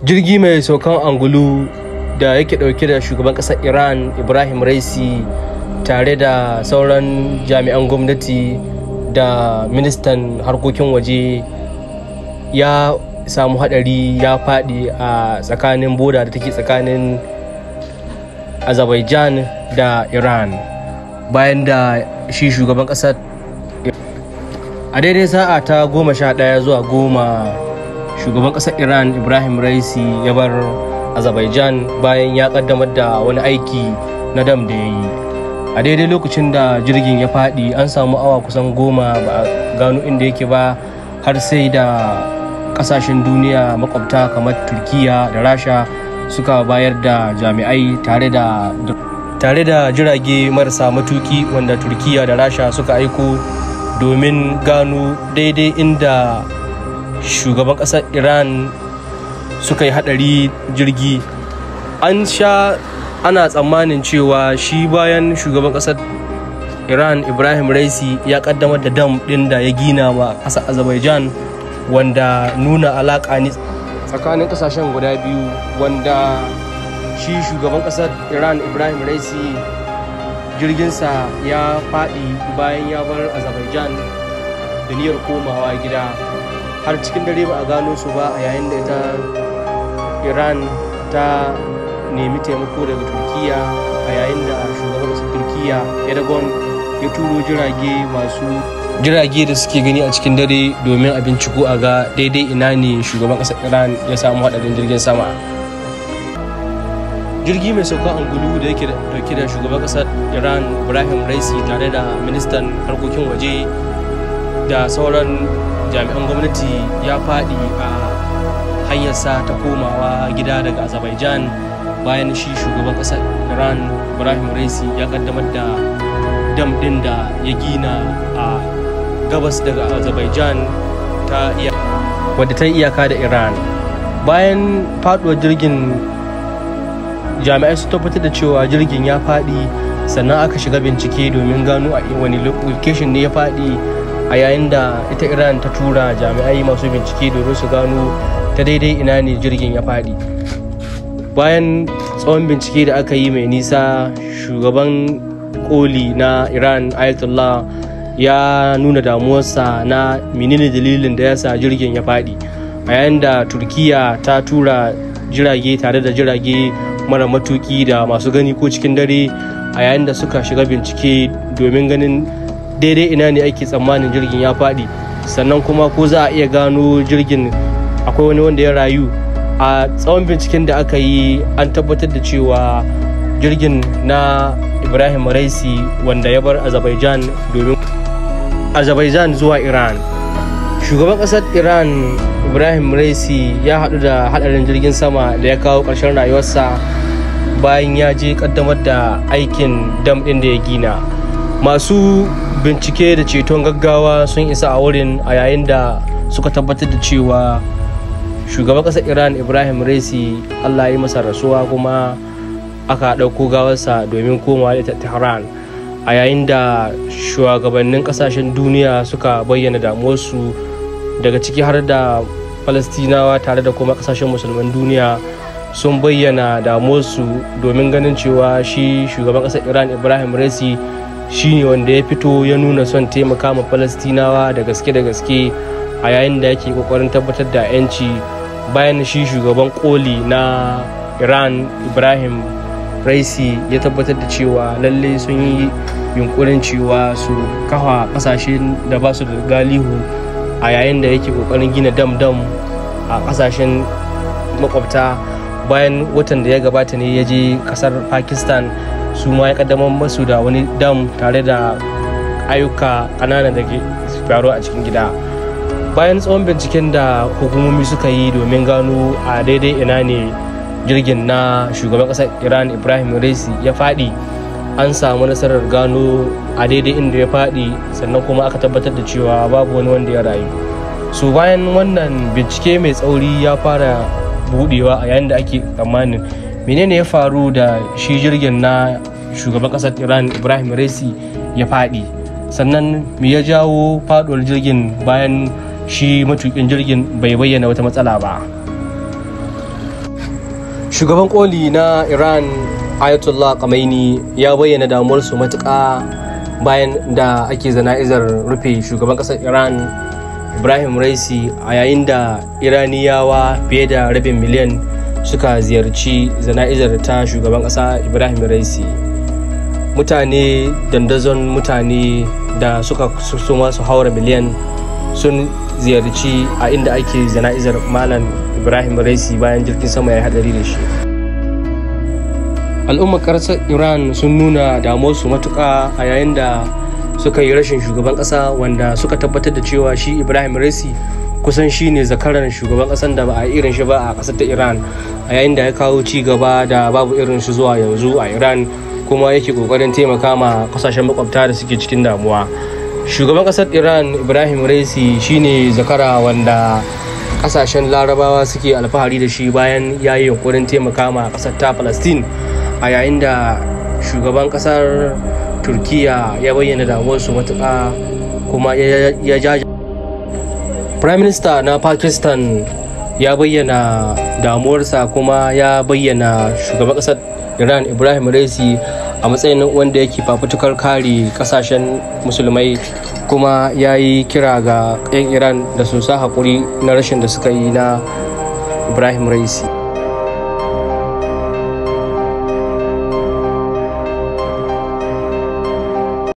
jirgi mai saukan angulu da yake dauke da shugaban kasar iran ibrahim raisi tare da sauran jami'an gwamnati da ministan harkokin waje ya samu hadari ya fadi a tsakanin boda da take tsakanin azerbaijan da iran bayan da shi shugaban kasar a daidai sa'a ta goma sha daya zuwa goma shugaban ƙasar iran ibrahim raisi ya bar azerbaijan bayan ya kaddamar da wani aiki na dam da ya yi a daidai lokacin da jirgin ya fadi an samu awa kusan goma ba gano inda yake ba har sai da kasashen duniya makwabta kamar turkiya da rasha suka bayar da jami'ai tare da tare da jirage marasa matuki wanda turkiya da rasha suka aiko domin gano daidai inda shugaban ƙasar iran suka yi haɗari jirgi an sha ana tsammanin cewa shi bayan shugaban ƙasar iran ibrahim raisi ya ƙaddamar da dam ɗin da ya gina wa ƙasar azerbaijan wanda nuna alaƙa ne tsakanin ƙasashen guda biyu wanda shi shugaban ƙasar iran ibrahim raisi jirginsa ya faɗi bayan ya bar azerbaijan da niyyar komawa gida har cikin dare ba a gano su ba a yayin da ita iran ta nemi taimako daga turkiya a yayin da shugaban ƙasar turkiya erdogan ya turo jirage masu jirage da suke gani a cikin dare domin a binciko a ga daidai ina ne shugaban ƙasar iran ya samu haɗarin jirgin sama jirgi mai sauka angulu da yake dauke da shugaban kasar iran ibrahim raisi tare da ministan harkokin waje da sauran jami'an gwamnati ya faɗi a hanyarsa ta komawa gida daga azerbaijan bayan shi shugaban ƙasar iran ibrahim raisi ya kaddamar da dam ɗin da ya gina a gabas daga azerbaijan ta wadda ta iyaka da iran bayan faduwar jirgin jami'ai su tabbatar da cewa jirgin ya faɗi sannan aka shiga bincike domin gano a wani location ne ya faɗi a yayin da ita iran ta tura jami'ai masu bincike domin su gano ta daidai ina ne jirgin ya fadi bayan tsawon bincike da aka yi mai nisa shugaban koli na iran ayatollah ya nuna damuwarsa na menene dalilin da ya sa jirgin ya fadi a yayin da turkiya ta tura jirage tare da jirage mara matuki da masu gani ko cikin dare a yayin da suka shiga bincike domin ganin daidai ina ne ake tsammanin jirgin ya faɗi sannan kuma ko za a iya gano jirgin akwai wani wanda ya rayu a tsawon binciken da aka yi an tabbatar da cewa jirgin na ibrahim raisi wanda ya bar azerbaijan domin azerbaijan zuwa iran shugaban ƙasar iran ibrahim raisi ya hadu da haɗarin jirgin sama da ya kawo ƙarshen rayuwarsa bayan ya je ƙaddamar da aikin dam ɗin da ya gina masu bincike da ceton gaggawa sun isa a wurin a yayin da suka tabbatar da cewa shugaban ƙasar iran ibrahim raisi allah ya yi masa rasuwa kuma aka ɗauko gawarsa domin komawa da tehran a yayin da shugabannin ƙasashen duniya suka bayyana damuwarsu daga ciki har da falastinawa tare da kuma ƙasashen musulman duniya sun bayyana damuwarsu domin ganin cewa shi shugaban ƙasar iran ibrahim raisi shine wanda ya fito ya nuna son taimaka ma falastinawa da gaske da gaske a yayin da yake kokarin tabbatar da 'yanci bayan shi shugaban koli na iran ibrahim raisi ya tabbatar da cewa lallai sun yi yunkurin cewa su kafa kasashen da ba su da galihu a yayin da yake kokarin gina dam-dam a kasashen makwabta bayan watan da ya gabata ne ya je kasar pakistan su ma ya kaddamar masu da wani dam tare da ayyuka kanana da ke faru a cikin gida bayan tsawon binciken da hukumomi suka yi domin gano a daidai ina ne jirgin na shugaban ƙasar iran ibrahim raisi ya faɗi an samu nasarar gano a daidai inda ya faɗi sannan kuma aka tabbatar da cewa babu wani wanda ya rayu su bayan wannan bincike mai tsauri ya fara budewa a yayin da ake tsammanin menene ya faru da shi jirgin na shugaban kasar iran ibrahim raisi ya fadi sannan me ya jawo faɗuwar jirgin bayan shi matukin jirgin bai bayyana wata matsala ba shugaban koli na iran ayatollah kamaini ya bayyana damuwarsu matuka bayan da ake zana'izar rufe shugaban kasar iran ibrahim raisi a yayin da iraniyawa fiye da rabin miliyan suka ziyarci zana'izar ta shugaban ƙasa ibrahim raisi mutane dandazon mutane da suka su su haura miliyan sun ziyarci a inda ake zana'izar malam ibrahim raisi bayan jirgin sama ya hadari da shi al'ummar ƙasar iran sun nuna damuwarsu matuƙa a yayin da suka yi rashin shugaban kasa wanda suka tabbatar da cewa shi ibrahim raisi kusan shi ne zakaran shugaban kasan da ba a irin shi ba a kasar ta iran a yayin da ya kawo ci gaba da babu irin shi zuwa yanzu a iran kuma yake kokarin taimaka ma kasashen makwabta da suke cikin damuwa shugaban kasar iran ibrahim raisi shine zakara wanda kasashen larabawa suke alfahari da shi bayan ya yi yunkurin taimaka ma kasar ta palestine a yayin da shugaban kasar turkiya ya bayyana damuwarsu matuƙa kuma ya jaja prime minister na pakistan ya bayyana damuwarsa kuma ya bayyana shugaban ƙasar iran ibrahim raisi a matsayin wanda yake fafutukar kare kasashen musulmai kuma ya yi kira ga 'yan iran da su sa haƙuri na rashin da suka yi na ibrahim raisi